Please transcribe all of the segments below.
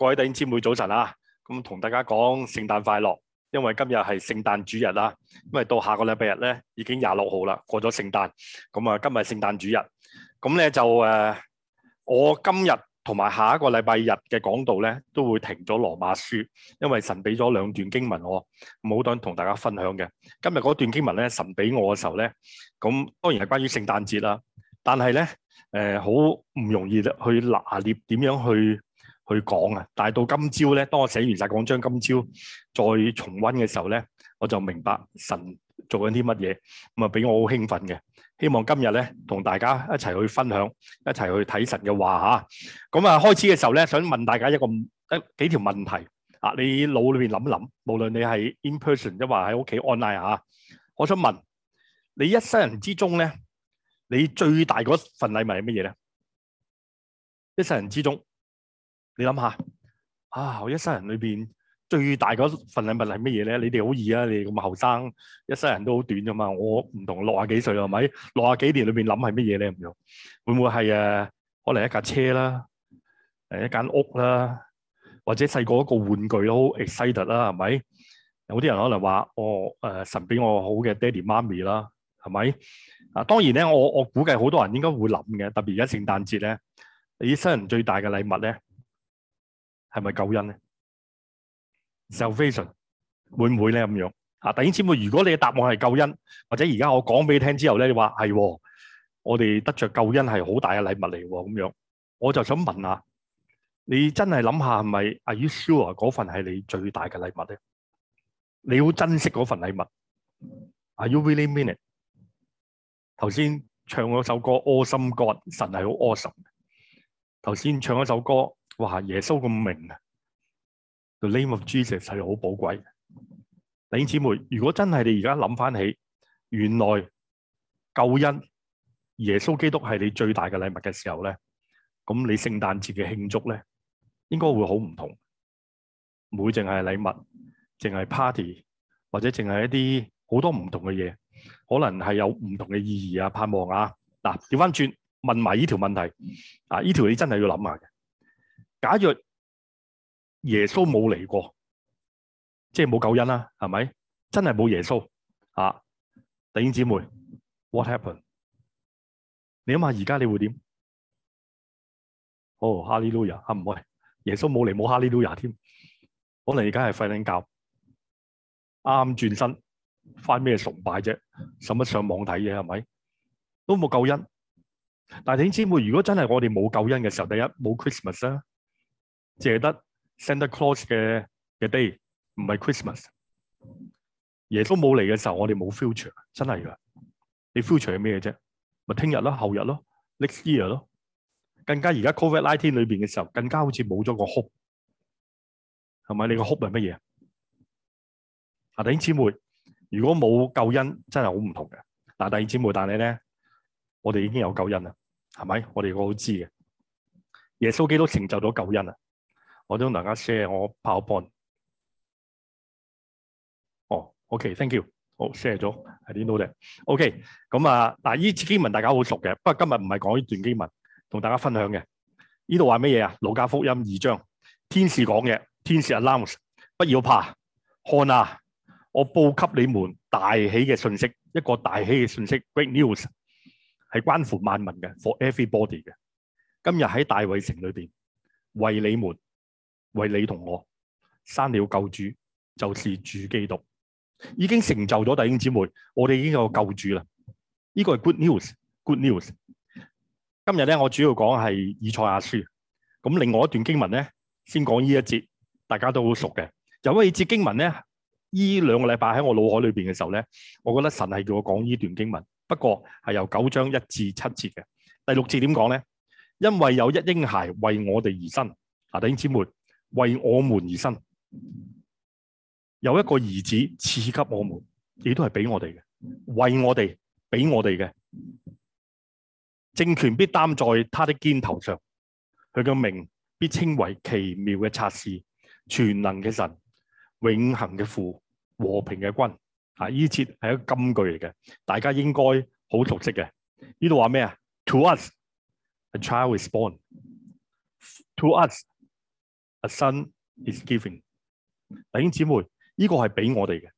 各位弟兄姊妹早晨啊！咁同大家講聖誕快樂，因為今日係聖誕主日啦，啊。因為到下個禮拜日咧，已經廿六號啦，過咗聖誕。咁、嗯、啊，今日聖誕主日，咁、嗯、咧，就誒、呃，我今日同埋下一個禮拜日嘅講道咧，都會停咗羅馬書，因為神俾咗兩段經文我，好想同大家分享嘅。今日嗰段經文咧，神俾我嘅時候咧，咁、嗯、當然係關於聖誕節啦。但係咧，誒、呃，好唔容易去拿捏點樣去。去講啊！但係到今朝咧，當我寫完晒講章，今朝再重溫嘅時候咧，我就明白神做緊啲乜嘢，咁啊俾我好興奮嘅。希望今日咧，同大家一齊去分享，一齊去睇神嘅話吓。咁啊，開始嘅時候咧，想問大家一個一幾條問題啊？你腦裏邊諗諗，無論你係 in person 即係話喺屋企 online 吓，我想問你一生人之中咧，你最大嗰份禮物係乜嘢咧？一世人之中。你諗下啊！我一生人裏邊最大嗰份禮物係乜嘢咧？你哋好易啊！你咁後生，一生人都好短咋嘛？我唔同六廿幾歲係咪？六廿幾年裏邊諗係乜嘢咧？唔用會唔會係啊？可能一架車啦，誒，一間屋啦，或者細個一個玩具都 excited 啦，係咪？有啲人可能話我誒神俾我好嘅爹哋媽咪啦，係咪啊？當然咧，我我估計好多人應該會諗嘅，特別而家聖誕節咧，你一生人最大嘅禮物咧？係咪救恩咧？Salvation 會唔會咧咁樣？啊，弟兄姊妹，如果你嘅答案係救恩，或者而家我講俾你聽之後咧，你話係、哦，我哋得着救恩係好大嘅禮物嚟喎咁樣，我就想問下，你真係諗下係咪？Are you sure 嗰份係你最大嘅禮物咧？你好珍惜嗰份禮物。Are you really mean it？頭先唱嗰首歌《Awesome God》，神係好 Awesome。頭先唱嗰首歌。哇！耶穌咁明啊，The name of Jesus 係好寶貴。弟兄姊妹，如果真係你而家諗翻起，原來救恩耶穌基督係你最大嘅禮物嘅時候咧，咁你聖誕節嘅慶祝咧，應該會好唔同，唔會淨係禮物，淨係 party，或者淨係一啲好多唔同嘅嘢，可能係有唔同嘅意義啊、盼望啊。嗱，調翻轉問埋依條問題，啊，依條你真係要諗下嘅。假若耶穌冇嚟過，即係冇救恩啦，係咪？真係冇耶穌啊！弟兄姊妹，What happened？e d 你諗下而家你會點？哦，哈利路亞啊！唔係耶穌冇嚟，冇哈利路亞添。可能而家係瞓緊覺，啱轉身翻咩崇拜啫？使乜上網睇嘢係咪？都冇救恩。但係弟兄姊妹，如果真係我哋冇救恩嘅時候，第一冇 Christmas 啦。借得 Santa Claus 嘅嘅 day，唔係 Christmas。耶穌冇嚟嘅時候，我哋冇 future，真係噶。你 future 係咩嘢啫？咪聽日咯，後日咯，next year 咯。更加而家 Covid nineteen 裏邊嘅時候，更加好似冇咗個 hope。係咪？你個 hope 係乜嘢？啊，弟兄姊妹，如果冇救恩，真係好唔同嘅。嗱，弟兄姊妹，但係咧，我哋已經有救恩啦，係咪？我哋我好知嘅。耶穌基督成就咗救恩啊！我將大家我 PowerPoint、oh, okay, oh, share 我 PowerPoint 哦。OK，thank you，好 share 咗喺呢度嘅。OK，咁啊嗱，依節經文大家好熟嘅，不過今日唔係講呢段經文，同大家分享嘅呢度話咩嘢啊？《路加福音》二章，天使講嘅，天使 announce 不要怕，看啊，我報給你們大喜嘅訊息，一個大喜嘅訊息，great news 係關乎萬民嘅，for everybody 嘅。今日喺大衛城裏邊為你們，為你同我生了救主，就是主基督，已經成就咗。弟兄姊妹，我哋已經有個救主啦。呢個係 good news，good news。今日咧，我主要講係以賽亞書。咁另外一段經文咧，先講呢一節，大家都好熟嘅。有一節經文咧，呢兩個禮拜喺我腦海裏邊嘅時候咧，我覺得神係叫我講呢段經文。不過係由九章一至七節嘅第六節點講咧。因為有一嬰孩為我哋而生，啊，弟兄姊妹。為我們而生，有一個兒子賜給我們，亦都係俾我哋嘅，為我哋俾我哋嘅政權必擔在他的肩頭上，佢嘅名必稱為奇妙嘅策士，全能嘅神，永恒嘅父，和平嘅君。啊，呢節係一個金句嚟嘅，大家應該好熟悉嘅。呢度話咩啊？To us a child is born. To us. A son is given. 弟兄姊妹，呢、這個係俾我哋嘅。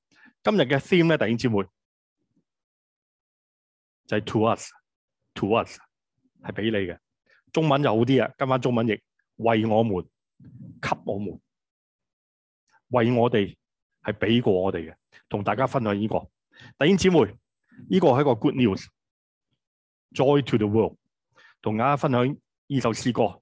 今日嘅 theme 咧，弟兄姊妹，就係、是、to us，to us 係俾你嘅。中文就好啲啊，今晚中文譯為我們，給我們，為我哋係俾過我哋嘅。同大家分享呢、這個，弟兄姊妹，呢、這個係一個 good news，joy to the world。同大家分享呢首詩歌。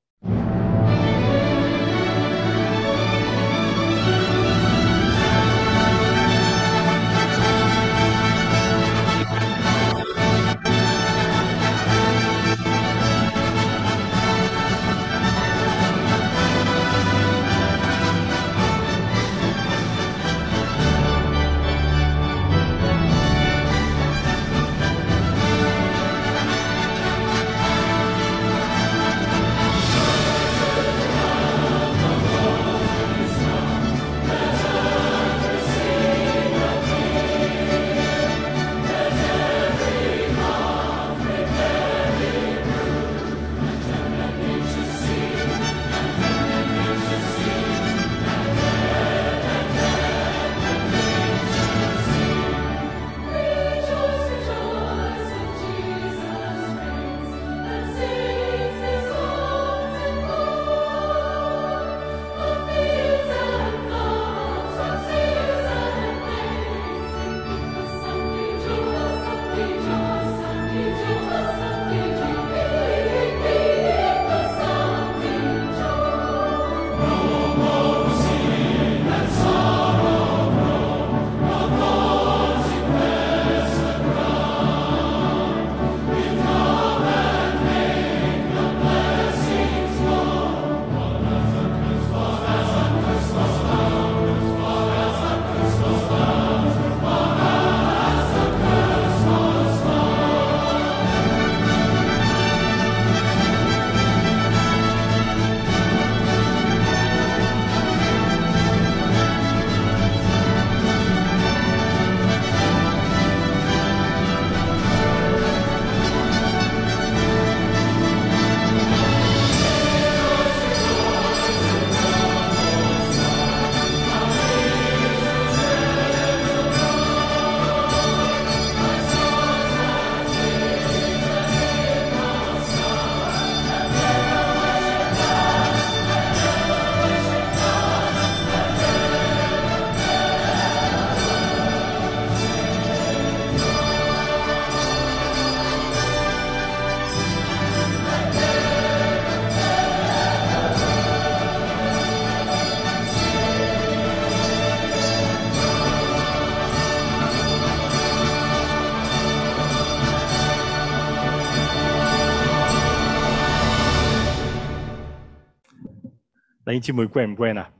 姊妹關唔關啊？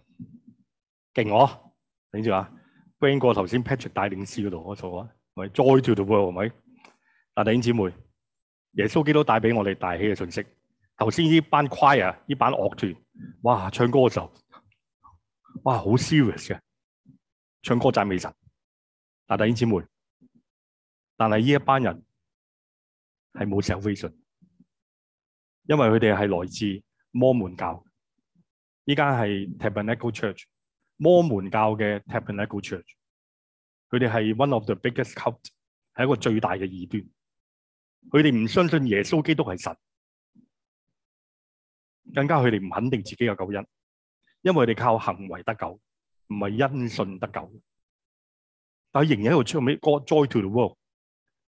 勁我，等住啊？關過頭先 Patrick 帶領詩嗰度，我做啊，咪再 Joy to the World 係咪？但弟兄姐妹，耶穌基督帶俾我哋大喜嘅信息。頭先呢班 choir，呢班樂團，哇，唱歌嘅時候，哇，好 serious 嘅，唱歌讚美神。但弟兄姐妹，但係呢一班人係冇 salvation，因為佢哋係來自摩門教。呢間係 Tabernacle Church，摩門教嘅 Tabernacle Church，佢哋係 one of the biggest cult，係一個最大嘅異端。佢哋唔相信耶穌基督係神，更加佢哋唔肯定自己有救恩，因為佢哋靠行為得救，唔係因信得救。但仍然喺度唱咩歌？Joy to the World，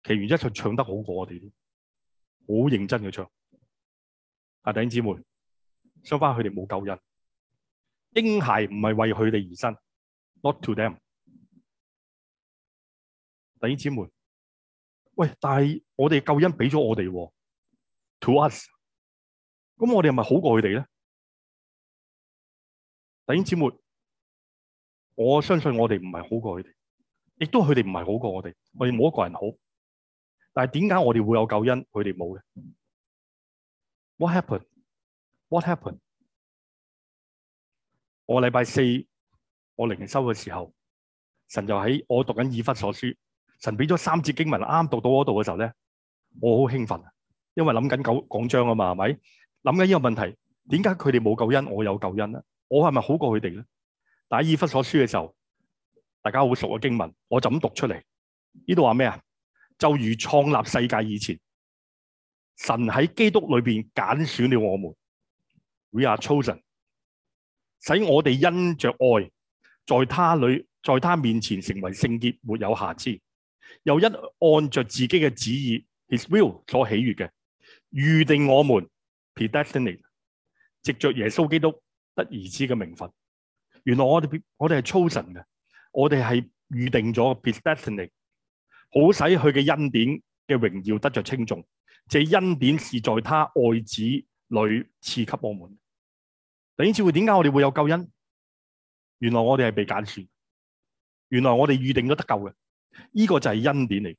其實原因就唱得好過我哋，好認真嘅唱。阿弟兄姊妹，相反佢哋冇救恩。嬰孩唔係為佢哋而生，not to them。弟兄姊妹，喂，但係我哋嘅救恩俾咗我哋，to us。咁我哋係咪好過佢哋咧？弟兄姊妹，我相信我哋唔係好過佢哋，亦都佢哋唔係好過我哋。我哋冇一個人好，但係點解我哋會有救恩他沒有，佢哋冇咧？What happened？What happened？What happened? 我禮拜四我靈修嘅時候，神就喺我讀緊以弗所書，神俾咗三節經文，啱讀到嗰度嘅時候咧，我好興奮，因為諗緊九講章啊嘛，係咪？諗緊呢個問題，點解佢哋冇救恩，我有救恩咧？我係咪好過佢哋咧？打以弗所書嘅時候，大家好熟嘅經文，我就咁讀出嚟。呢度話咩啊？就如創立世界以前，神喺基督裏面揀選了我們。We are chosen. 使我哋因着愛，在他裏，在他面前成為聖潔，沒有瑕疵；又一按着自己嘅旨意，His will 所喜悅嘅，預定我們，predestinate，藉着耶穌基督得兒子嘅名分。原來我哋我哋係 chosen 嘅，我哋係預定咗，predestinate，好使佢嘅恩典嘅榮耀得着稱頌。這恩典是在他愛子裏賜給我們。第二次會點解我哋會有救恩？原來我哋係被揀選，原來我哋預定咗得救嘅。呢個就係恩典嚟。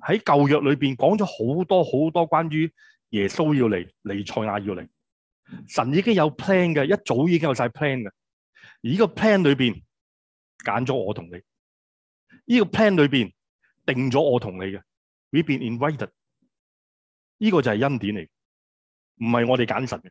喺舊約裏邊講咗好多好多關於耶穌要嚟，彌賽亞要嚟。神已經有 plan 嘅，一早已經有晒 plan 嘅。而呢個 plan 裏邊揀咗我同你。呢個 plan 裏邊定咗我同你嘅。We've been invited。呢個就係恩典嚟，唔係我哋揀神嘅。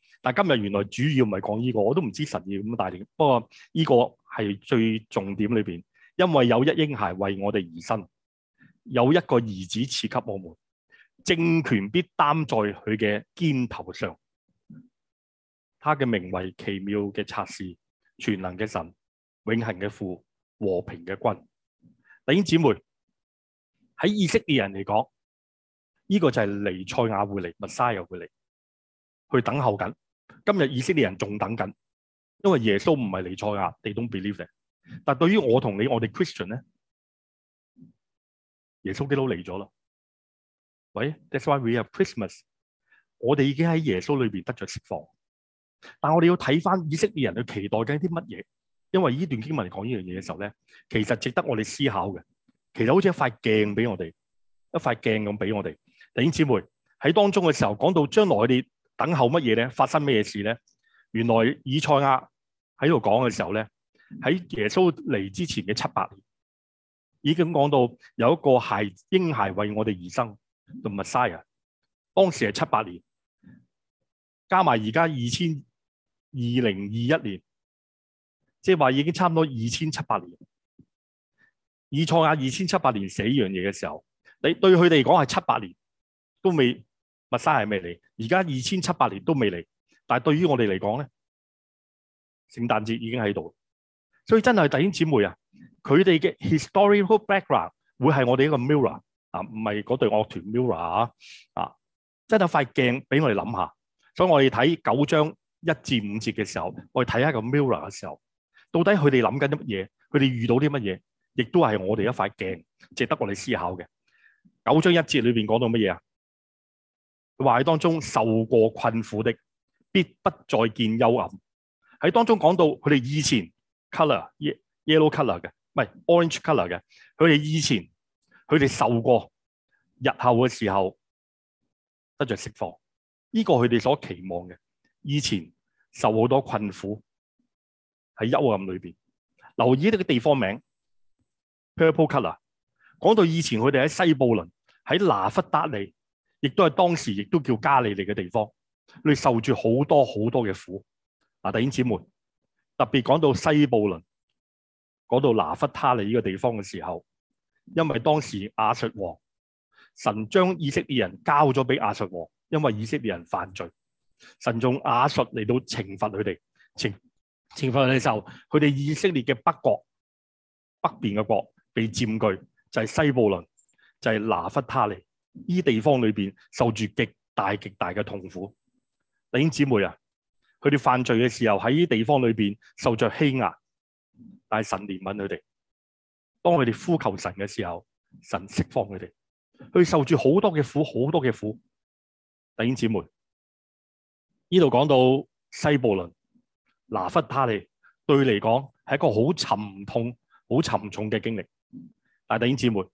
但今日原來主要唔係講呢個，我都唔知神要咁大力。不過呢個係最重點裏邊，因為有一嬰孩為我哋而生，有一個兒子賜給我們，政權必擔在佢嘅肩頭上。他嘅名為奇妙嘅策士，全能嘅神，永恆嘅父，和平嘅君。弟兄姊妹，喺以色列人嚟講，呢個就係尼賽亞會嚟，彌賽亞會嚟，去等候緊。今日以色列人仲等緊，因為耶穌唔係彌賽亞，they don't believe 但對於我同你，我哋 Christian 咧，耶穌基督嚟咗啦。喂、yeah.，that's why we have Christmas。我哋已經喺耶穌裏邊得着釋放，但我哋要睇翻以色列人去期待緊啲乜嘢？因為呢段經文講呢樣嘢嘅時候咧，其實值得我哋思考嘅。其實好似一塊鏡俾我哋，一塊鏡咁俾我哋。弟兄姊妹喺當中嘅時候講到將來嗰等候乜嘢咧？發生乜嘢事咧？原來以賽亞喺度講嘅時候咧，喺耶穌嚟之前嘅七百年，已經講到有一個孩嬰孩為我哋而生，就係 Messiah。當時係七百年，加埋而家二千二零二一年，即係話已經差唔多二千七百年。以賽亞二千七百年寫呢樣嘢嘅時候，你對佢哋嚟講係七百年都未。默沙係未嚟，而家二千七百年都未嚟，但係對於我哋嚟講咧，聖誕節已經喺度，所以真係弟兄姊妹啊，佢哋嘅 historical background 會係我哋一個 mirror 啊，唔係嗰對樂團 mirror 啊，真係有塊鏡俾我哋諗下，所以我哋睇九章一至五節嘅時候，我哋睇下個 mirror 嘅時候，到底佢哋諗緊啲乜嘢？佢哋遇到啲乜嘢？亦都係我哋一塊鏡，值得我哋思考嘅。九章一節裏邊講到乜嘢啊？壞當中受過困苦的，必不再見幽暗。喺當中講到佢哋以前 c o l o r y e l l o w c o l o r 嘅，唔係 orange c o l o r 嘅。佢哋以前佢哋受過，日後嘅時候得着釋放。呢、這個佢哋所期望嘅。以前受好多困苦喺幽暗裏邊。留意呢個地方名 purple c o l o r 講到以前佢哋喺西布倫喺拿弗達尼。亦都係當時，亦都叫加利利嘅地方，你受住好多好多嘅苦。啊，弟兄姊妹，特別講到西布倫，講到拿弗他利呢個地方嘅時候，因為當時亞述王神將以色列人交咗俾亞述王，因為以色列人犯罪，神用亞述嚟到懲罰佢哋，懲懲罰佢哋時候，佢哋以色列嘅北國，北邊嘅國被佔據，就係、是、西布倫，就係、是、拿弗他利。呢地方裏邊受住極大極大嘅痛苦，弟兄姊妹啊，佢哋犯罪嘅時候喺呢地方裏邊受着欺壓，但係神憐憫佢哋，當佢哋呼求神嘅時候，神釋放佢哋，佢受住好多嘅苦，好多嘅苦。弟兄姊妹，呢度講到西布倫、拿弗他利，對你嚟講係一個好沉痛、好沉重嘅經歷。但係弟兄姊妹，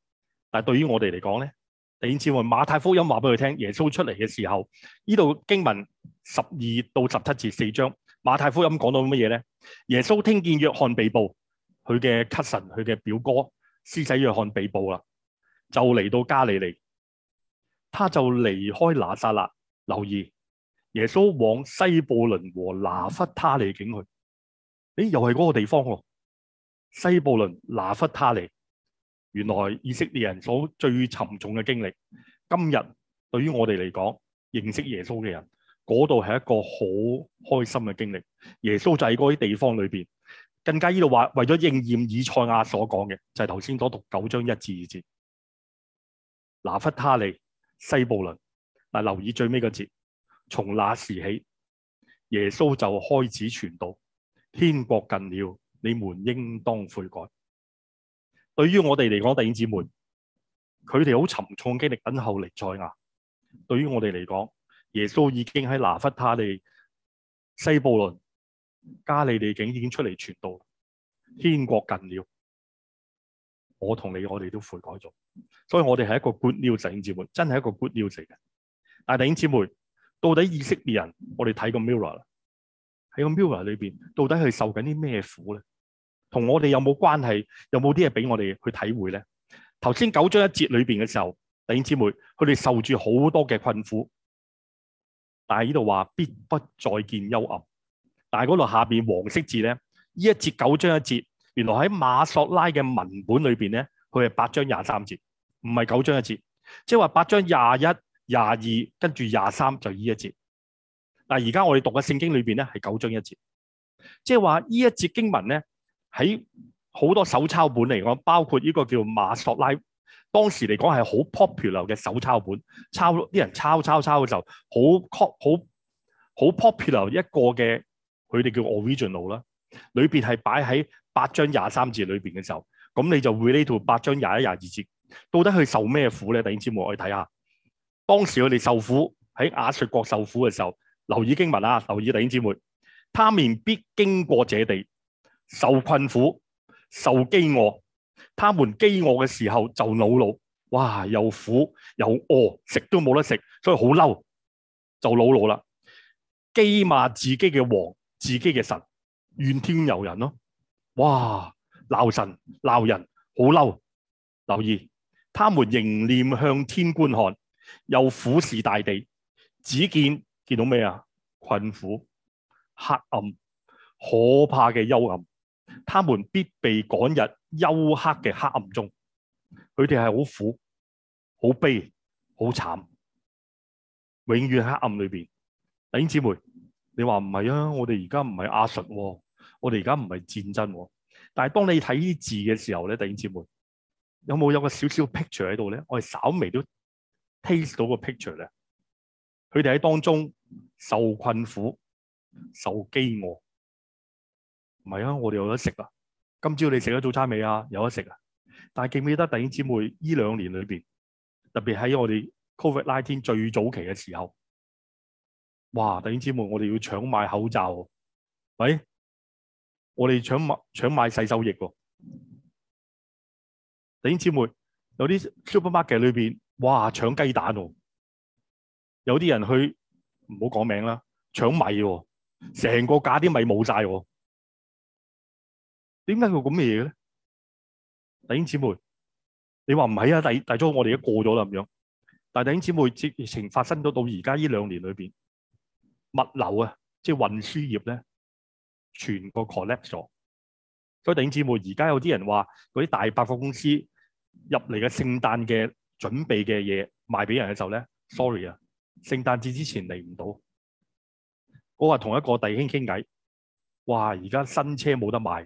但係對於我哋嚟講咧。第二次話馬太福音話俾佢聽耶穌出嚟嘅時候，呢度經文十二到十七節四章，馬太福音講到乜嘢咧？耶穌聽見約翰被捕，佢嘅 cousin 佢嘅表哥施洗約翰被捕啦，就嚟到加利利，他就離開拿撒勒，留意耶穌往西布倫和拿弗他利境去，誒，又係嗰個地方喎，西布倫拿弗他利。原來以色列人所最沉重嘅經歷，今日對於我哋嚟講，認識耶穌嘅人，嗰度係一個好開心嘅經歷。耶穌就喺嗰啲地方裏邊，更加呢度話為咗應驗以賽亞所講嘅，就係頭先所讀九章一至二節。拿弗他利、西布倫，嗱，留意最尾個節，從那時起，耶穌就開始傳道，天國近了，你們應當悔改。對於我哋嚟講，弟兄姊妹，佢哋好沉重經歷緊後嚟再壓。對於我哋嚟講，耶穌已經喺拿弗他利、西布倫、加利利境已經出嚟傳道，天國近了。我同你，我哋都悔改咗，所以我哋係一個 good news，弟兄姊妹，真係一個 good news 嚟嘅。但弟兄姊妹，到底以色列人，我哋睇個 mirror 啦，喺個 mirror 裏邊，到底係受緊啲咩苦咧？同我哋有冇關係？有冇啲嘢俾我哋去體會咧？頭先九章一節裏邊嘅時候，弟兄姊妹，佢哋受住好多嘅困苦，但係呢度話必不再見幽暗。但係嗰度下邊黃色字咧，呢一節九章一節，原來喺馬索拉嘅文本裏邊咧，佢係八章廿三節，唔係九章一節。即係話八章廿一、廿二，跟住廿三就呢一節。但係，而家我哋讀嘅聖經裏邊咧係九章一節，即係話呢一節經文咧。喺好多手抄本嚟講，包括呢個叫馬索拉，當時嚟講係好 popular 嘅手抄本，抄啲人抄抄抄嘅時候，好 pop 好好 popular 一個嘅，佢哋叫 original 啦。裏邊係擺喺八章廿三節裏邊嘅時候，咁你就 r 會呢度八章廿一廿二節。到底佢受咩苦咧？弟兄姊妹，我哋睇下。當時我哋受苦喺亞述國受苦嘅時候，留意經文啦、啊，留意弟兄姊妹，他們必經過這地。受困苦、受饑餓，他們饑餓嘅時候就惱怒，哇！又苦又餓，食都冇得食，所以好嬲，就惱怒啦，譏罵自己嘅王、自己嘅神，怨天尤人咯，哇！鬧神鬧人，好嬲。留意，他們仰臉向天觀看，又俯視大地，只見見到咩啊？困苦、黑暗、可怕嘅幽暗。他們必被趕入幽黑嘅黑暗中，佢哋係好苦、好悲、好慘，永遠喺黑暗裏邊。弟兄姊妹，你話唔係啊？我哋而家唔係阿神、喎，我哋而家唔係戰爭、喎。但係當你睇呢啲字嘅時候咧，弟兄姊妹，有冇有，有一個少少 picture 喺度咧？我哋稍微都 taste 到一個 picture 咧，佢哋喺當中受困苦、受飢餓。唔係啊，我哋有得食啊！今朝你食咗早餐未啊？有得食啊！但係記唔記得弟兄姊妹呢兩年裏邊，特別喺我哋 Covid nineteen 最早期嘅時候，哇！弟兄姊妹，我哋要搶買口罩、啊。喂、哎，我哋搶買搶買洗手液喎、啊！弟兄姊妹，有啲 Supermarket 裏邊，哇！搶雞蛋喎、啊，有啲人去唔好講名啦，搶米喎、啊，成個架啲米冇晒喎。點解會咁嘅嘢嘅咧？弟兄姊妹，你話唔係啊？第、第初我哋都過咗啦咁樣，但係弟兄姊妹，疫情發生咗到而家呢兩年裏邊，物流啊，即係運輸業咧，全部 collapse 咗。所以弟兄姊妹，而家有啲人話嗰啲大百貨公司入嚟嘅聖誕嘅準備嘅嘢賣俾人嘅時候咧，sorry 啊，聖誕節之前嚟唔到。我話同一個弟兄傾偈，哇！而家新車冇得賣。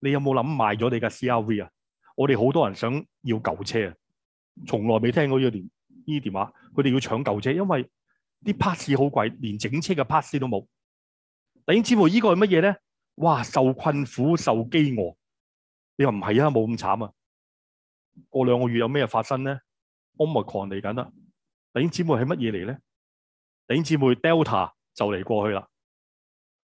你有冇諗賣咗你架 CRV 啊？我哋好多人想要舊車啊，從來未聽過呢個電呢啲電話，佢哋要搶舊車，因為啲 parts 好貴，連整車嘅 parts 都冇。弟兄姊妹，依、這個係乜嘢咧？哇，受困苦，受飢餓。你話唔係啊？冇咁慘啊！過兩個月有咩發生咧？Omicron 嚟緊啦！弟兄姊妹，係乜嘢嚟咧？弟兄姊妹，Delta 就嚟過去啦。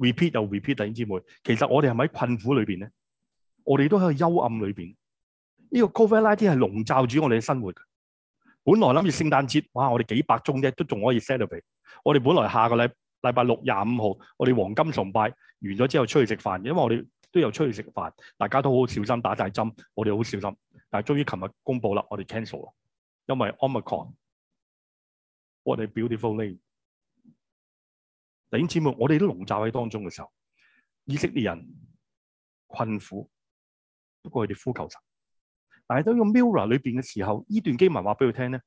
repeat 又 repeat，弟兄姊妹，其實我哋係咪喺困苦裏邊咧？我哋都喺個幽暗裏邊。呢、這個 COVID-19 係籠罩住我哋嘅生活。本來諗住聖誕節，哇！我哋幾百宗啫，都仲可以 celebrate。我哋本來下個禮禮拜六廿五號，我哋黃金崇拜完咗之後出去食飯，因為我哋都有出去食飯，大家都好小心打晒針，我哋好小心。但係終於琴日公佈啦，我哋 cancel 啦，因為 Omicron。What a beautiful name。弟兄姊妹，我哋都籠罩喺當中嘅時候，以色列人困苦，不過佢哋呼求神。但係喺個 Mura 裏邊嘅時候，呢段經文話俾佢聽咧，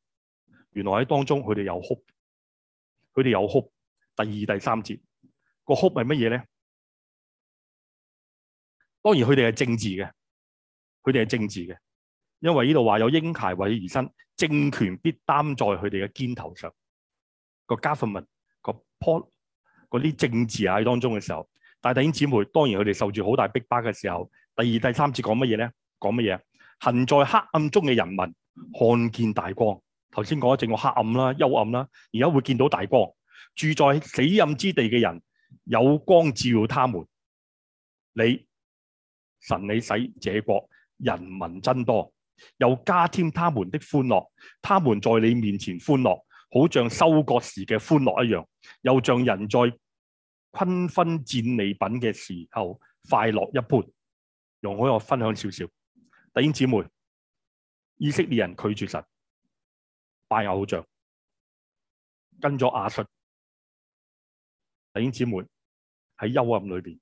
原來喺當中佢哋有哭，佢哋有哭。第二、第三節個哭係乜嘢咧？當然佢哋係政治嘅，佢哋係政治嘅，因為呢度話有嬰孩為而生，政權必擔在佢哋嘅肩頭上。個 government 個嗰啲政治啊，喺當中嘅時候，大係弟兄姊妹，當然佢哋受住好大逼迫嘅時候，第二、第三次講乜嘢咧？講乜嘢？行在黑暗中嘅人民看見大光。頭先講咗淨話黑暗啦、幽暗啦，而家會見到大光。住在死蔭之地嘅人有光照他們。你神者，你使這國人民增多，又加添他們的歡樂。他們在你面前歡樂，好像收割時嘅歡樂一樣，又像人在昆分戰利品嘅時候，快樂一般，容許我分享少少。弟兄姊妹，以色列人拒絕神，拜偶像，跟咗亞述。弟兄姊妹喺幽暗裏邊，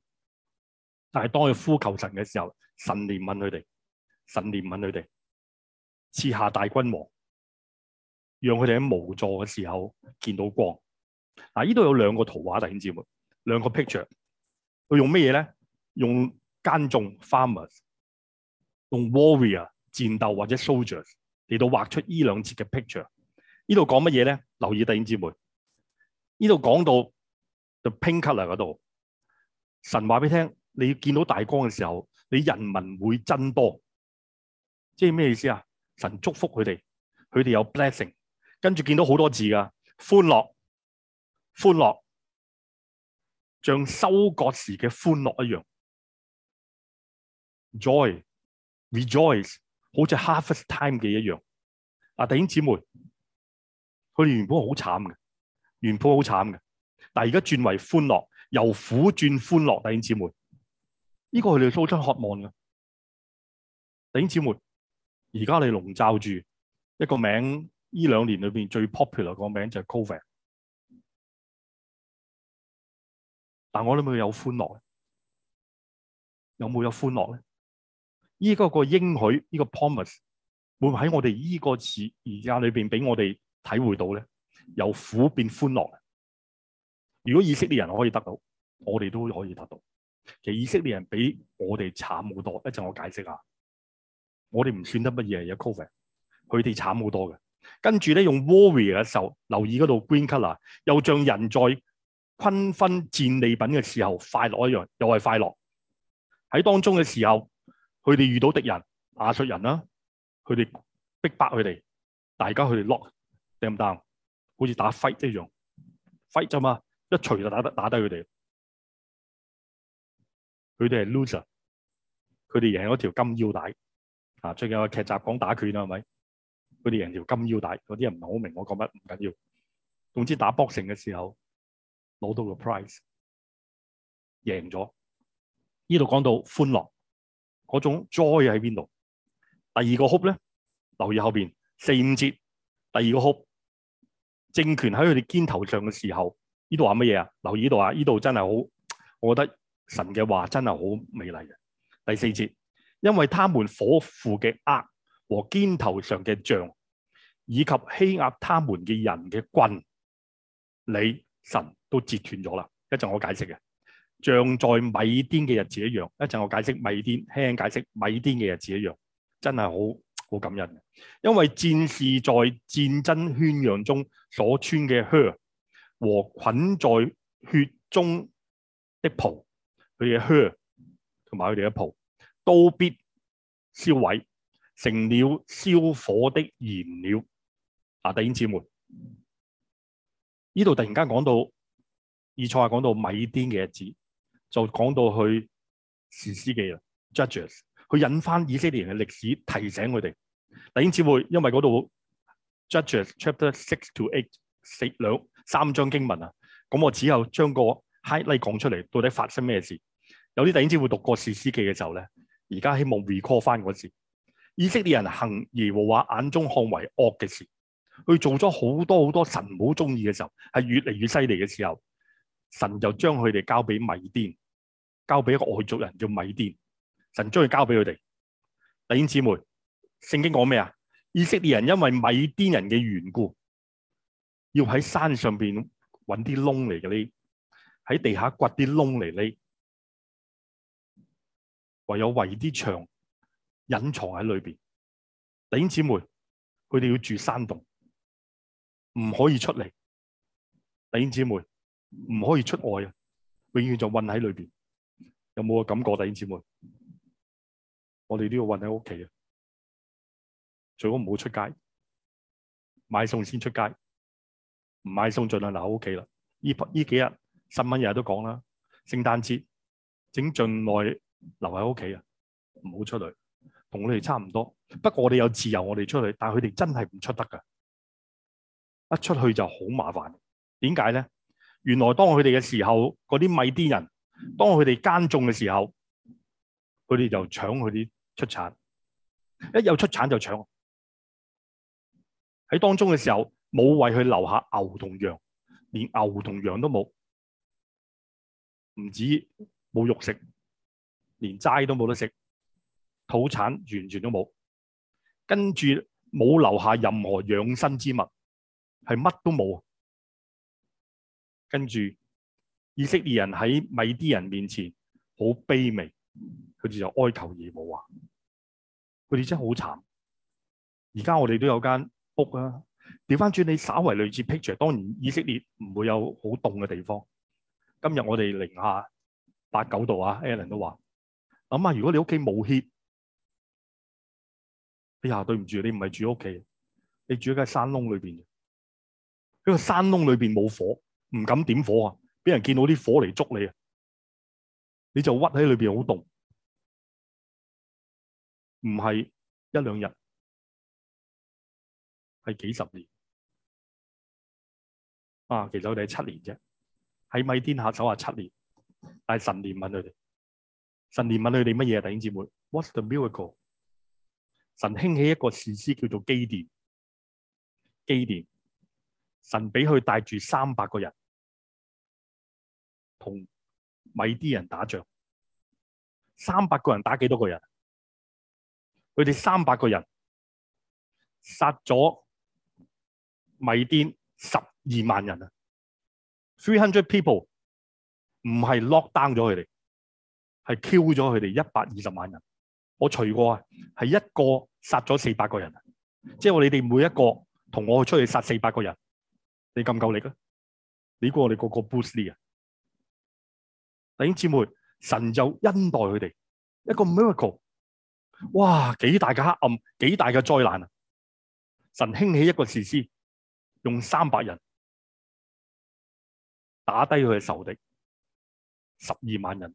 但係當佢呼求神嘅時候，神憐憫佢哋，神憐憫佢哋，賜下大君王，讓佢哋喺無助嘅時候見到光。嗱，呢度有兩個圖畫，弟兄姊妹。兩個 picture，佢用乜嘢咧？用耕種 farmers 用 warrior 戰鬥或者 soldiers 嚟到畫出呢兩節嘅 picture。呢度講乜嘢咧？留意弟兄姊妹，呢度講到就 pink color 嗰度。神話俾你聽，你要見到大光嘅時候，你人民會增多，即係咩意思啊？神祝福佢哋，佢哋有 blessing，跟住見到好多字噶，歡樂，歡樂。像收割時嘅歡樂一樣，Joy, Rejoice，好似 harvest time 嘅一樣。啊，弟兄姊妹，佢哋原本好慘嘅，原本好慘嘅，但係而家轉為歡樂，由苦轉歡樂，弟兄姊妹，呢、這個係你哋好真渴望嘅。弟兄姊妹，而家你籠罩住一個名，呢兩年裏邊最 popular 嗰個名字就係 COVID。但我諗，有，有有歡樂？有冇有歡樂咧？依個個應許，呢、這個 promise 會唔會喺我哋依個次而家裏邊俾我哋體會到咧，由苦變歡樂。如果以色列人可以得到，我哋都可以得到。其實以色列人比我哋慘好多。一陣我解釋下，我哋唔算得乜嘢，有 covid，佢哋慘好多嘅。跟住咧用 warrior 嘅時候，留意嗰度 green color 又像人在。坤分戰利品嘅時候，快樂一樣又係快樂。喺當中嘅時候，佢哋遇到敵人亞出人啦，佢哋逼迫佢哋，大家佢哋落掟唔掟，好似打 fight 一樣 fight 咋嘛？一錘就打，打得打低佢哋，佢哋係 loser，佢哋贏咗條金腰帶。啊，最近有個劇集講打拳啊，係咪？佢哋贏條金腰帶，嗰啲人唔係好明我講乜，唔緊要。總之打 boxing 嘅時候。攞到個 price，贏咗。呢度講到歡樂，嗰種 joy 喺邊度？第二個 hope 咧，留意後邊四五節。第二個 hope，政權喺佢哋肩頭上嘅時候，呢度話乜嘢啊？留意呢度啊，呢度真係好，我覺得神嘅話真係好美麗嘅。第四節，因為他們火婦嘅軛和肩頭上嘅杖，以及欺壓他們嘅人嘅棍，你神。都截斷咗啦，一陣我解釋嘅，像在米甸嘅日子一樣，一陣我解釋米甸，輕輕解釋米甸嘅日子一樣，真係好好感人。因為戰士在戰爭喧嚷中所穿嘅靴和輥在血中的袍，佢哋嘅靴同埋佢哋嘅袍都必燒毀，成了燒火的燃料。啊，弟兄姊妹，呢度突然間講到。以賽亞講到米甸嘅日子，就講到去士師記啦，judges 去引翻以色列人嘅歷史，提醒佢哋。弟兄姊妹，因為嗰度 judges chapter six to eight 四兩三章經文啊，咁我只有將個 highlight 講出嚟，到底發生咩事？有啲弟兄姊妹讀過士師記嘅時候咧，而家希望 recall 翻嗰時。以色列人行耶和華眼中看為惡嘅事，佢做咗好多好多神唔好中意嘅時候，係越嚟越犀利嘅時候。神就將佢哋交俾米甸，交俾一個外族人叫米甸。神將佢交俾佢哋。弟兄姊妹，聖經講咩啊？以色列人因為米甸人嘅緣故，要喺山上邊搵啲窿嚟嘅，呢喺地下掘啲窿嚟，呢唯有圍啲牆，隱藏喺裏邊。弟兄姊妹，佢哋要住山洞，唔可以出嚟。弟兄姊妹。唔可以出外啊！永遠就困喺裏邊，有冇個感覺，弟兄姊妹？我哋都要困喺屋企啊！最好唔好出街，買餸先出街，唔買餸盡量留喺屋企啦。呢呢幾日新聞日日都講啦，聖誕節整盡量留喺屋企啊，唔好出去。同你哋差唔多，不過我哋有自由，我哋出去，但佢哋真係唔出得噶，一出去就好麻煩。點解咧？原來當佢哋嘅時候，嗰啲米甸人，當佢哋耕種嘅時候，佢哋就搶佢啲出產，一有出產就搶。喺當中嘅時候，冇為佢留下牛同羊，連牛同羊都冇，唔止冇肉食，連齋都冇得食，土產完全都冇，跟住冇留下任何養生之物，係乜都冇。跟住以色列人喺米甸人面前好卑微，佢哋就哀求耶和華，佢哋真係好慘。而家我哋都有間屋啊，調翻轉你稍為類似 picture。當然以色列唔會有好凍嘅地方。今日我哋零下八九度啊，Allen 都話。諗下如果你屋企冇 heat，哎呀對唔住，你唔係住屋企，你住間山窿裏面。因為山窿裏面冇火。唔敢點火啊！俾人見到啲火嚟，捉你啊！你就屈喺裏邊好凍，唔係一兩日，係幾十年。啊，其實我哋係七年啫，喺米甸下手下七年，但係神憐憫佢哋，神憐憫佢哋乜嘢啊？弟兄姊妹，What's the miracle？神興起一個士師叫做基甸，基甸，神俾佢帶住三百個人。同米甸人打仗，三百個人打幾多個人？佢哋三百個人殺咗米甸十二萬人啊！Three hundred people 唔係 lock down 咗佢哋，係 kill 咗佢哋一百二十萬人。我除過啊，係一個殺咗四百個人啊！即係話你哋每一個同我出去殺四百個人，你夠唔夠力啊？你估我哋個個 boost 啊！弟兄姊妹，神就恩待佢哋一個 miracle，哇！幾大嘅黑暗，幾大嘅災難啊！神興起一個士師，用三百人打低佢嘅仇敵，十二萬人。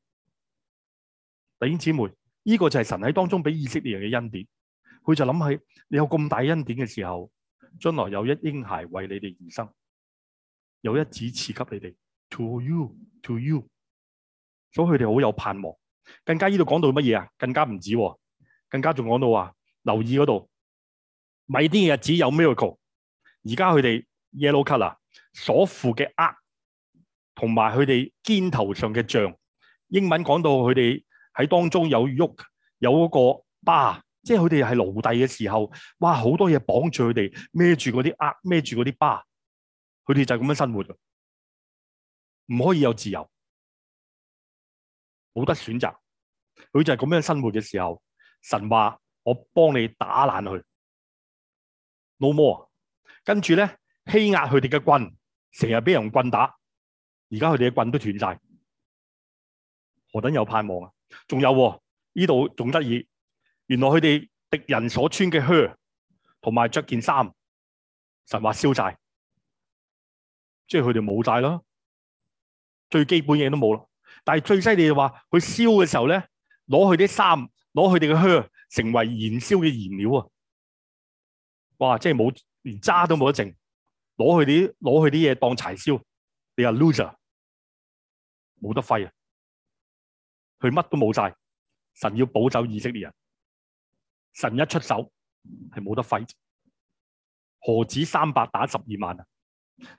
弟兄姊妹，呢、這個就係神喺當中俾以色列人嘅恩典。佢就諗起，你有咁大的恩典嘅時候，將來有一嬰孩為你哋而生，有一子賜給你哋。To you, to you。所以佢哋好有盼望，更加依度講到乜嘢啊？更加唔止、哦，更加仲講到話留意嗰度，米甸嘅日子有 miracle。而家佢哋 yellow color 所負嘅軛，同埋佢哋肩頭上嘅杖，英文講到佢哋喺當中有喐有嗰個疤，即係佢哋係奴隸嘅時候，哇，好多嘢綁住佢哋，孭住嗰啲軛，孭住嗰啲疤，佢哋就咁樣生活，唔可以有自由。冇得選擇，佢就係咁樣生活嘅時候，神話，我幫你打爛佢，no more。跟住咧欺壓佢哋嘅棍，成日俾人棍打，而家佢哋嘅棍都斷晒，何等有盼望啊！仲有呢度仲得意，原來佢哋敵人所穿嘅靴同埋着件衫，神話燒晒，即係佢哋冇晒咯，最基本嘢都冇啦。但係最犀利嘅話，佢燒嘅時候咧，攞佢啲衫，攞佢哋嘅靴，成為燃燒嘅燃料啊！哇，即係冇連渣都冇得剩，攞佢啲攞佢啲嘢當柴燒，你話 loser 冇得揮啊！佢乜都冇晒，神要保守以色列人，神一出手係冇得揮，何止三百打十二萬啊！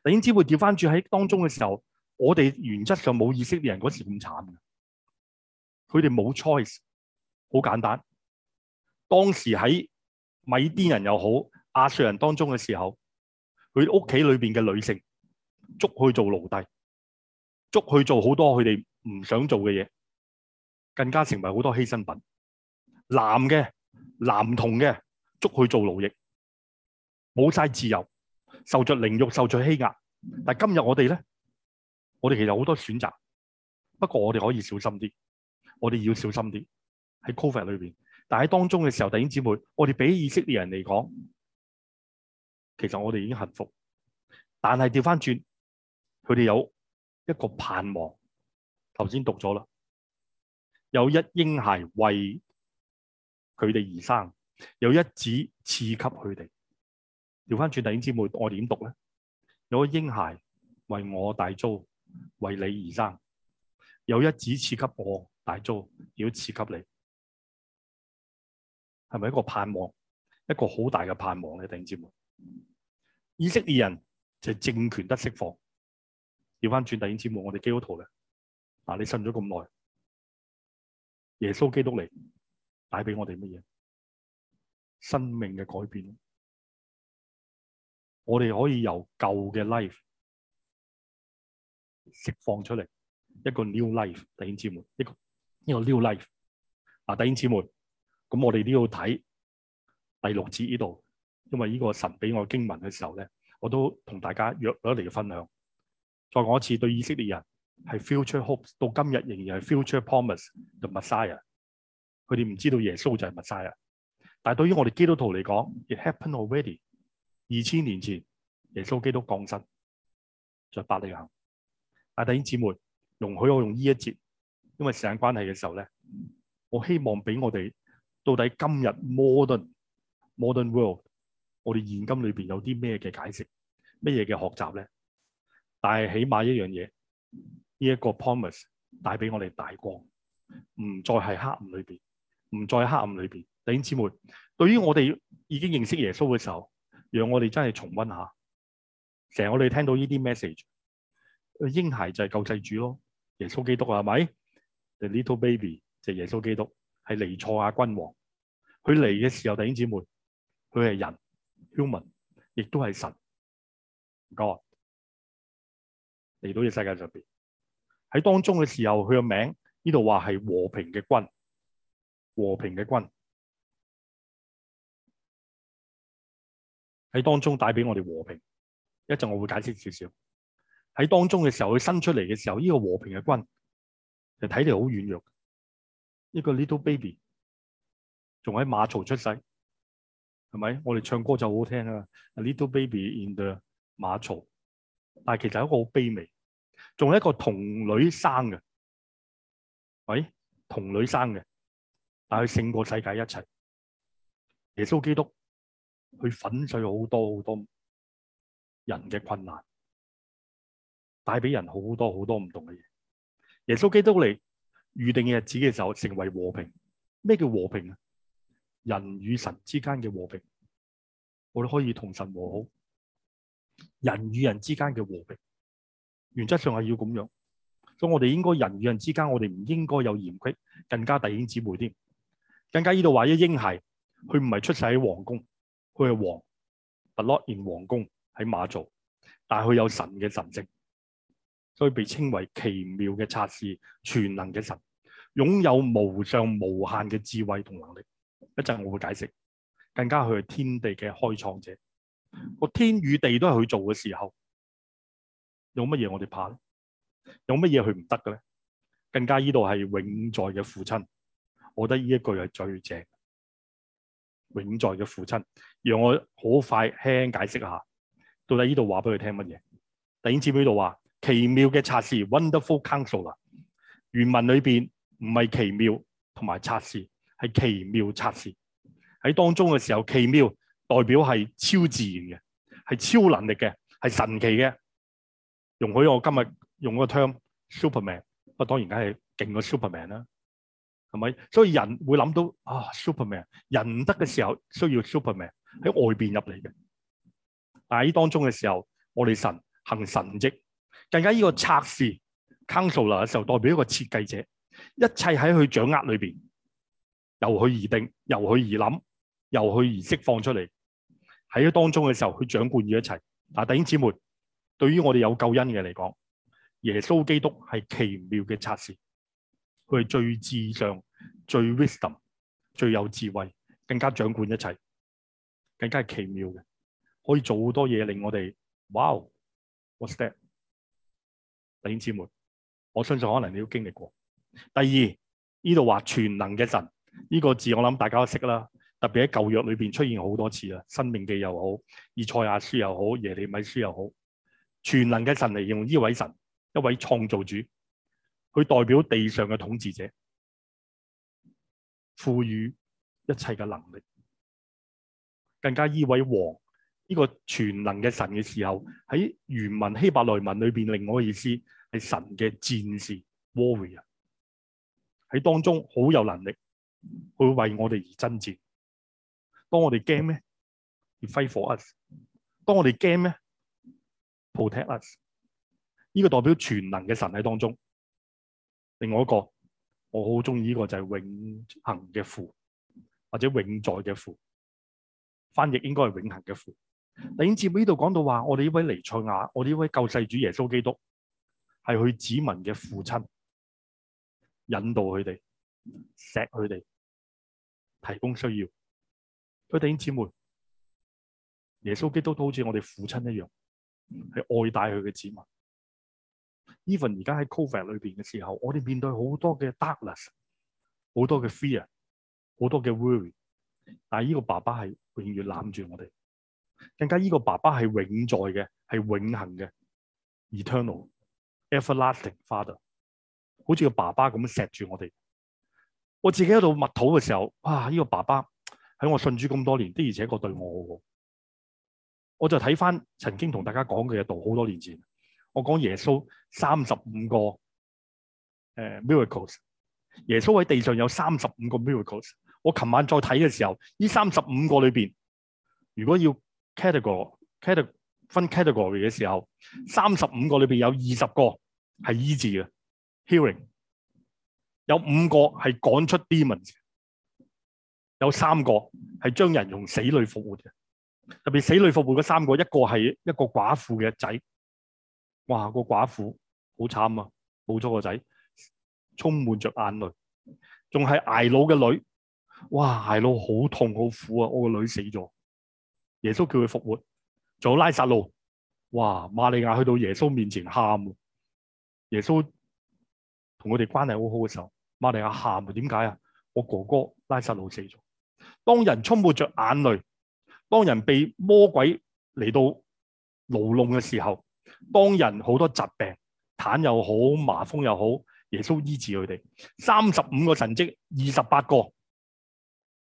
點知會掉翻轉喺當中嘅時候？我哋原則上冇以色列人嗰時咁慘，佢哋冇 choice，好簡單。當時喺米甸人又好亞述人當中嘅時候，佢屋企裏邊嘅女性捉去做奴隸，捉去做好多佢哋唔想做嘅嘢，更加成為好多犧牲品。男嘅、男童嘅捉去做奴役，冇晒自由，受着凌辱、受著欺壓。但係今日我哋咧。我哋其實好多選擇，不過我哋可以小心啲，我哋要小心啲喺 COVID 裏邊。但喺當中嘅時候，弟兄姊妹，我哋比以色列人嚟講，其實我哋已經幸福，但係掉返轉，佢哋有一個盼望。頭先讀咗啦，有一嬰孩為佢哋而生，有一子賜給佢哋。掉返轉，弟兄姊妹，我點讀咧？有個嬰孩為我大租。為你而生，有一子賜給我，大哉！要賜給你，係咪一個盼望？一個好大嘅盼望咧？弟兄姊妹以色列人就係、政權得釋放，調翻轉。弟兄姊妹。我哋基督徒咧，嗱，你信咗咁耐，耶穌基督嚟帶俾我哋乜嘢？生命嘅改變，我哋可以由舊嘅 life。釋放出嚟一個 new life，弟兄姊妹，一個呢個 new life，啊，弟兄姊妹，咁我哋都要睇第六節呢度，因為呢個神俾我經文嘅時候咧，我都同大家約咗嚟嘅分享。再講一次，對以色列人係 future hope，到今日仍然係 future promise，就 Messiah。佢哋唔知道耶穌就係 Messiah，但係對於我哋基督徒嚟講，it happened already，二千年前耶穌基督降生，就伯利恆啊！但弟兄姊妹，容許我用呢一節，因為時間關係嘅時候咧，我希望俾我哋到底今日 modern modern world，我哋現今裏邊有啲咩嘅解釋，咩嘢嘅學習咧？但係起碼一樣嘢，呢一個 promise 帶俾我哋大光，唔再係黑暗裏邊，唔再黑暗裏邊。弟兄姊妹，對於我哋已經認識耶穌嘅時候，讓我哋真係重溫下，成日我哋聽到呢啲 message。嬰孩就係救世主咯，耶穌基督係咪？The Little baby 就係耶穌基督，係彌賽亞君王。佢嚟嘅時候，弟兄姊妹，佢係人 human，亦都係神 God 嚟到呢世界上面。喺當中嘅時候，佢個名呢度話係和平嘅君，和平嘅君喺當中帶俾我哋和平。一陣我會解釋少少。喺當中嘅時候，佢伸出嚟嘅時候，呢、這個和平嘅君，就睇嚟好軟弱。一個 little baby 仲喺馬槽出世，係咪？我哋唱歌就好好聽啊！little baby in the 馬槽，但係其實係一個好卑微，仲係一個童女生嘅。喂，童女生嘅，但係佢勝過世界一切。耶穌基督去粉碎好多好多人嘅困難。帶俾人好多好多唔同嘅嘢。耶穌基督嚟預定嘅日子嘅時候，成為和平。咩叫和平啊？人與神之間嘅和平，我哋可以同神和好。人與人之間嘅和平，原則上係要咁樣。所以我哋應該人與人之間，我哋唔應該有嫌隙，更加弟兄姊妹添。更加呢度話一嬰孩係佢唔係出世喺皇宮，佢係王，不落連皇宮喺馬做，但係佢有神嘅神蹟。所以被稱為奇妙嘅測試，全能嘅神，擁有無上無限嘅智慧同能力。一陣我會解釋，更加佢係天地嘅開創者，個天與地都係佢做嘅時候，有乜嘢我哋怕咧？有乜嘢佢唔得嘅咧？更加呢度係永在嘅父親，我覺得呢一句係最正。永在嘅父親，讓我好快輕輕解釋下，到底呢度話俾佢聽乜嘢？第呢支碑度話。奇妙嘅測試，Wonderful Counselor。原文裏邊唔係奇妙同埋測試，係奇妙測試喺當中嘅時候，奇妙代表係超自然嘅，係超能力嘅，係神奇嘅。容許我今日用個 term Superman 啊我當然梗係勁過 Superman 啦，係咪？所以人會諗到啊，Superman，人唔得嘅時候需要 Superman 喺外邊入嚟嘅。但喺當中嘅時候，我哋神行神蹟。更加依個測試 counselor 嘅時候就代表一個設計者，一切喺佢掌握裏面，由佢而定，由佢而諗，由佢而釋放出嚟，喺當中嘅時候，佢掌管住一切。嗱，弟兄姊妹，對於我哋有救恩嘅嚟講，耶穌基督係奇妙嘅測試，佢係最至上、最 wisdom、最有智慧，更加掌管一切，更加係奇妙嘅，可以做好多嘢令我哋，哇 what's that？弟兄姊妹，我相信可能你都經歷過。第二，呢度話全能嘅神，呢、這個字我諗大家都識啦，特別喺舊約裏邊出現好多次啦，《申命記》又好，以賽亞書又好，耶利米書又好，全能嘅神嚟用呢位神，一位創造主，佢代表地上嘅統治者，賦予一切嘅能力，更加呢位王。呢個全能嘅神嘅時候，喺原文希伯來文裏邊，另外一個意思係神嘅戰士 warrior，喺當中好有能力，佢為我哋而爭戰。當我哋驚咩？fight for us，當我哋驚咩？protect us。呢個代表全能嘅神喺當中。另外一個，我好中意呢個就係永恆嘅父，或者永在嘅父。翻譯應該係永恆嘅父。弟兄姊妹，呢度講到話，我哋呢位尼賽亞，我哋呢位救世主耶穌基督，係佢子民嘅父親，引導佢哋，錫佢哋，提供需要。佢第弟兄姊妹，耶穌基督都好似我哋父親一樣，係愛戴佢嘅子民。Even 而家喺 COVID 裏邊嘅時候，我哋面對好多嘅 darkness，好多嘅 fear，好多嘅 worry，但係呢個爸爸係永遠攬住我哋。更加呢個爸爸係永在嘅，係永恒嘅，eternal everlasting father，好似個爸爸咁樣錫住我哋。我自己喺度默禱嘅時候，哇！呢、這個爸爸喺我信主咁多年，的而且確對我好好。我就睇翻，曾經同大家講嘅嘢，度，好多年前，我講耶穌三十五個誒 miracles，、呃、耶穌喺地上有三十五個 miracles。我琴晚再睇嘅時候，呢三十五個裏邊，如果要 category，分 category 嘅時候，三十五個裏邊有二十個係醫治嘅 h e a r i n g 有五個係趕出 demons，有三個係將人用死女復活嘅，特別死女復活嗰三個，一個係一個寡婦嘅仔，哇！那個寡婦好慘啊，冇咗個仔，充滿着眼淚，仲係挨佬嘅女，哇，挨佬好痛好苦啊，我個女死咗。耶穌叫佢復活，仲有拉撒路，哇！瑪利亞去到耶穌面前喊，耶穌同佢哋關係好好嘅時候，瑪利亞喊，點解啊？我哥哥拉撒路死咗。當人充滿着眼淚，當人被魔鬼嚟到牢籠嘅時候，當人好多疾病，癱又好，麻風又好，耶穌醫治佢哋。三十五個神蹟，二十八個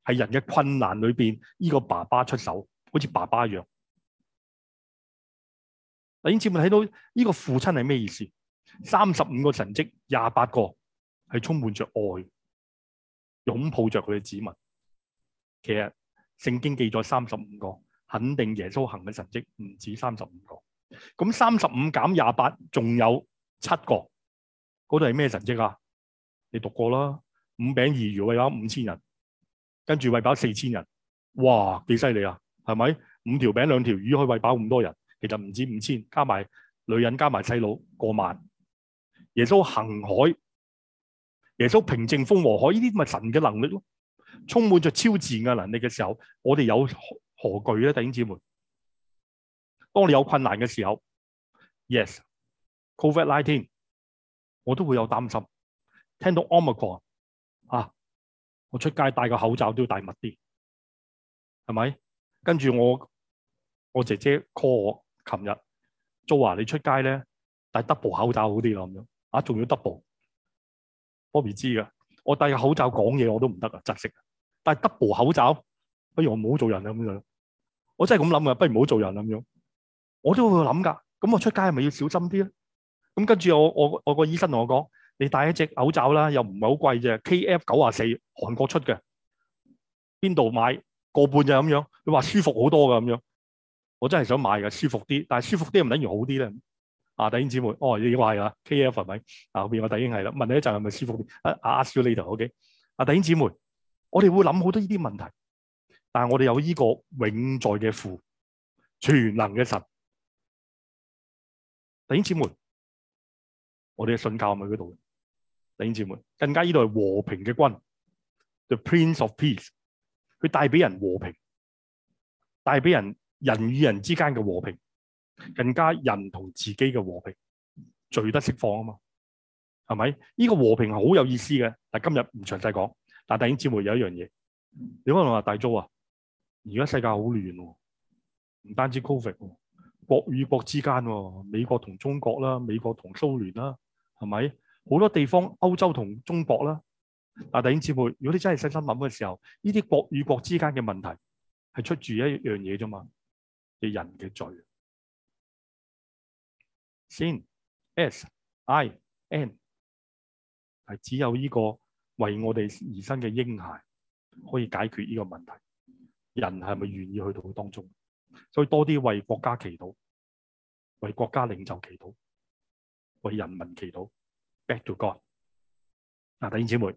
喺人嘅困難裏邊，呢個爸爸出手。好似爸爸一樣，因此我睇到呢個父親係咩意思？三十五個神迹，廿八個係充滿着愛，擁抱着佢嘅子民。其實聖經記載三十五個肯定耶穌行嘅神跡，唔止三十五個。咁三十五減廿八，仲有七個。嗰度係咩神跡啊？你讀過啦，五餅二魚喂飽五千人，跟住喂飽四千人，哇，幾犀利啊！係咪五條餅兩條魚可以喂飽咁多人？其實唔止五千，加埋女人加埋細佬過萬。耶穌行海，耶穌平靜風和海，呢啲咪神嘅能力咯？充滿着超自然嘅能力嘅時候，我哋有何懼咧？弟兄姊妹，當你有困難嘅時候，yes，COVID-19，我都會有擔心。聽到奧密克啊，我出街戴個口罩都要戴密啲，係咪？跟住我，我姐姐 call 我，琴日做話你出街咧，戴 double 口罩好啲咯，咁樣，啊仲要 double。Bobby 知噶，我戴個口罩講嘢我都唔得啊，窒息。戴 double 口罩，不如我唔好做人啦咁樣。我真係咁諗啊，不如唔好做人咁樣。我都會諗噶，咁我出街係咪要小心啲咧？咁跟住我我我個醫生同我講，你戴一隻口罩啦，又唔係好貴啫，KF94，韓國出嘅，邊度買？個半就咁樣，你話舒服好多噶咁樣，我真係想買噶，舒服啲。但係舒服啲唔等於好啲咧。啊，弟兄姊妹，哦，你話噶 K F 咪啊，後邊我弟兄係啦，問你一陣係咪舒服啲？I ask you later，OK。啊，弟兄姊妹，我哋會諗好多呢啲問題，但係我哋有呢個永在嘅父，全能嘅神。弟兄姊妹，我哋嘅信教係咪喺度？弟兄姊妹，更加呢度係和平嘅君，The Prince of Peace。佢帶俾人和平，帶俾人人與人之間嘅和平，更加人同自己嘅和平，聚得釋放啊嘛，係咪？呢、這個和平係好有意思嘅，但係今日唔詳細講。但係影姊妹有一樣嘢，嗯、你可能話大租啊？而家世界好亂喎，唔單止 COVID，國與國之間，美國同中國啦，美國同蘇聯啦，係咪？好多地方，歐洲同中國啦。但弟兄姊妹，如果你真係細心諗嘅時候，呢啲國與國之間嘅問題係出住一樣嘢，啫嘛，嘅人嘅罪。Sin S I N 係只有呢個為我哋而生嘅嬰孩可以解決呢個問題。人係咪願意去到當中？所以多啲為國家祈禱，為國家領袖祈禱，為人民祈禱。Back to God。嗱，弟兄姊妹。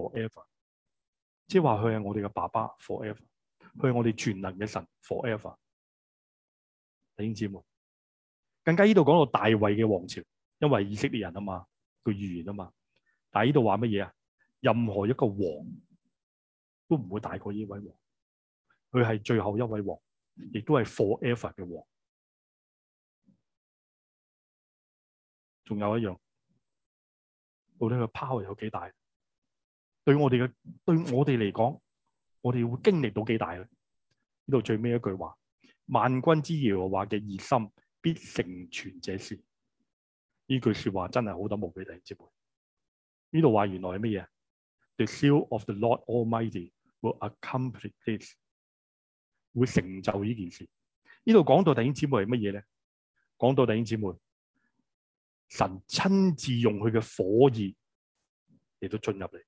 forever，即係話佢係我哋嘅爸爸 forever，佢係我哋全能嘅神 forever，你知唔知？更加呢度講到大衛嘅王朝，因為以色列人啊嘛，個預言啊嘛，但係呢度話乜嘢啊？任何一個王都唔會大過呢位王，佢係最後一位王，亦都係 forever 嘅王。仲有一樣，到底佢個 power 有幾大？對我哋嘅對我哋嚟講，我哋會經歷到幾大咧？呢度最尾一句話：萬軍之耶和華嘅熱心必成全這事。呢句說話真係好得無比弟兄姊妹。呢度話原來係乜嘢？The zeal of the Lord Almighty will accomplish this，會成就呢件事。呢度講到弟兄姊妹係乜嘢咧？講到弟兄姊妹，神親自用佢嘅火熱嚟到進入嚟。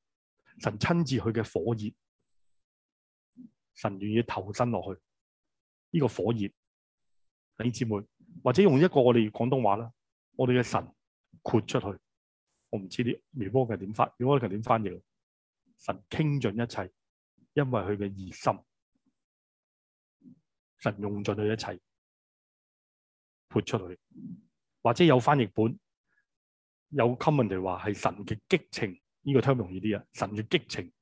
神親自去嘅火熱，神願意投身落去呢、這個火熱，弟兄姊妹，或者用一個我哋廣東話啦，我哋嘅神豁出去，我唔知啲微波器點發，微波器點翻譯，神傾盡一切，因為佢嘅熱心，神用盡佢一切豁出去，或者有翻譯本有 comment 話係神嘅激情。呢個聽唔容易啲啊！神嘅激情，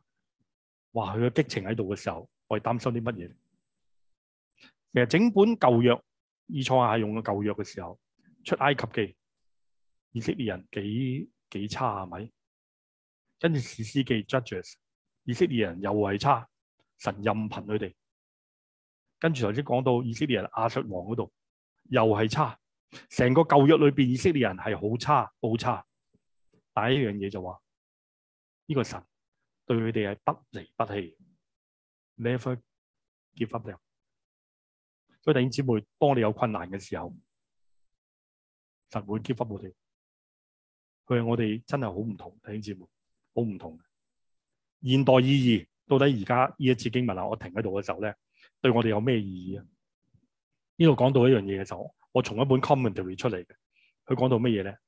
哇！佢嘅激情喺度嘅時候，我哋擔心啲乜嘢？其實整本舊約，以賽亞用舊約嘅時候，出埃及記，以色列人幾幾差係咪？跟住士師記 judges，以色列人又係差，神任憑佢哋。跟住頭先講到以色列人亞述王嗰度，又係差。成個舊約裏邊，以色列人係好差，好差。但係一樣嘢就話。呢個神對佢哋係不離不棄，never give up 你。所以弟兄姊妹，當你有困難嘅時候，神會 give up 我哋。佢係我哋真係好唔同，弟兄姊妹，好唔同。現代意義到底而家呢一次經文啊，我停喺度嘅時候咧，對我哋有咩意義啊？呢度講到一樣嘢嘅時候，我從一本 commentary 出嚟嘅。佢講到乜嘢咧？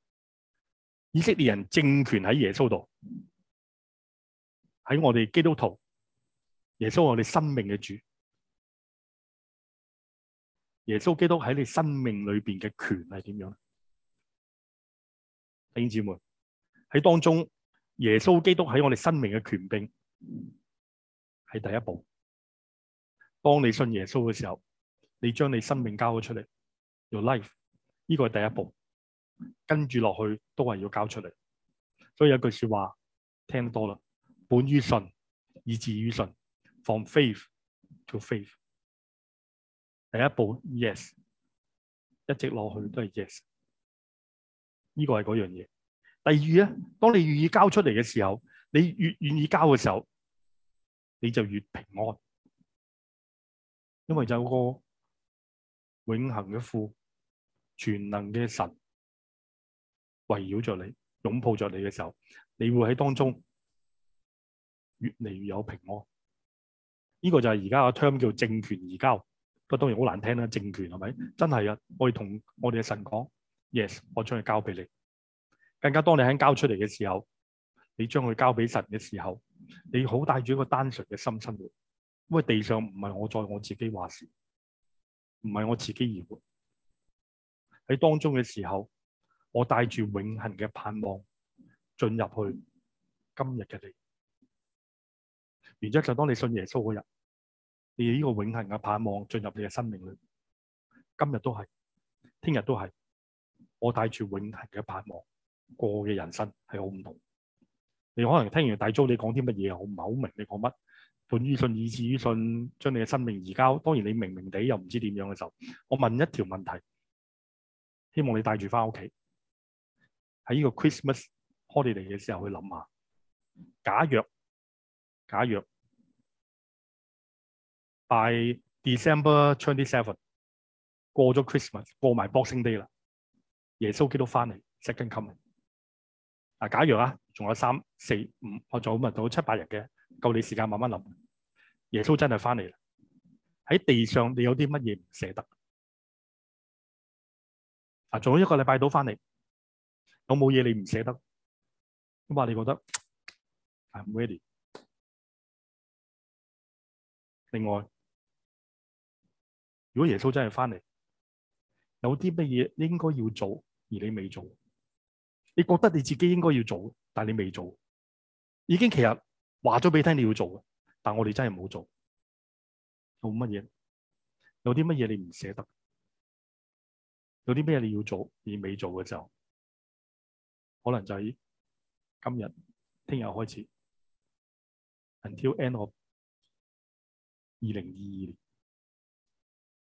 以色列人政權喺耶穌度。喺我哋基督徒，耶穌係我哋生命嘅主，耶穌基督喺你生命裏邊嘅權係點樣咧？弟兄姊妹喺當中，耶穌基督喺我哋生命嘅權柄係第一步。當你信耶穌嘅時候，你將你生命交咗出嚟，your life，呢個係第一步。跟住落去都係要交出嚟。所以有句說話聽多啦。本於信，以致於信，from faith to faith。第一步 yes，一直落去都係 yes。呢個係嗰樣嘢。第二咧，當你願意交出嚟嘅時候，你越願意交嘅時候，你就越平安，因為就有個永恒嘅父，全能嘅神圍繞着你、擁抱着你嘅時候，你會喺當中。越嚟越有平安，呢個就係而家個 term 叫做政權移交，不過當然好難聽啦。政權係咪真係啊？我哋同我哋嘅神講 yes，我將佢交俾你。更加當你喺交出嚟嘅時候，你將佢交俾神嘅時候，你好帶住一個單純嘅心生活，因為地上唔係我在我自己話事，唔係我自己而活。喺當中嘅時候，我帶住永恆嘅盼望進入去今日嘅地。然之就當你信耶穌嗰日，你呢個永恒嘅盼望進入你嘅生命裏，今日都係，聽日都係，我帶住永恒嘅盼望過嘅人生係好唔同。你可能聽完大租你講啲乜嘢，我唔係好明你講乜。本於信以至於信，將你嘅生命移交。當然你明明地又唔知點樣嘅時候，我問一條問題，希望你帶住翻屋企，喺呢個 Christmas holiday 嘅時候去諗下，假若，假若。By December 27，過咗 Christmas，過埋 Boxing Day 啦。耶穌基督翻嚟，Second Coming。嗱，假如啊，仲有三四五，我早咁咪到七八日嘅，夠你時間慢慢諗。耶穌真係翻嚟啦，喺地上你有啲乜嘢唔捨得？啊，仲有一個禮拜到翻嚟，有冇嘢你唔捨得？咁話，你覺得？I'm ready。另外。如果耶穌真係翻嚟，有啲乜嘢應該要做而你未做，你覺得你自己應該要做，但你未做，已經其實話咗俾你聽你要做嘅，但我哋真係冇做，做乜嘢？有啲乜嘢你唔捨得？有啲咩你要做而未做嘅時候，可能就係今日、聽日開始，until end of 二零二二年。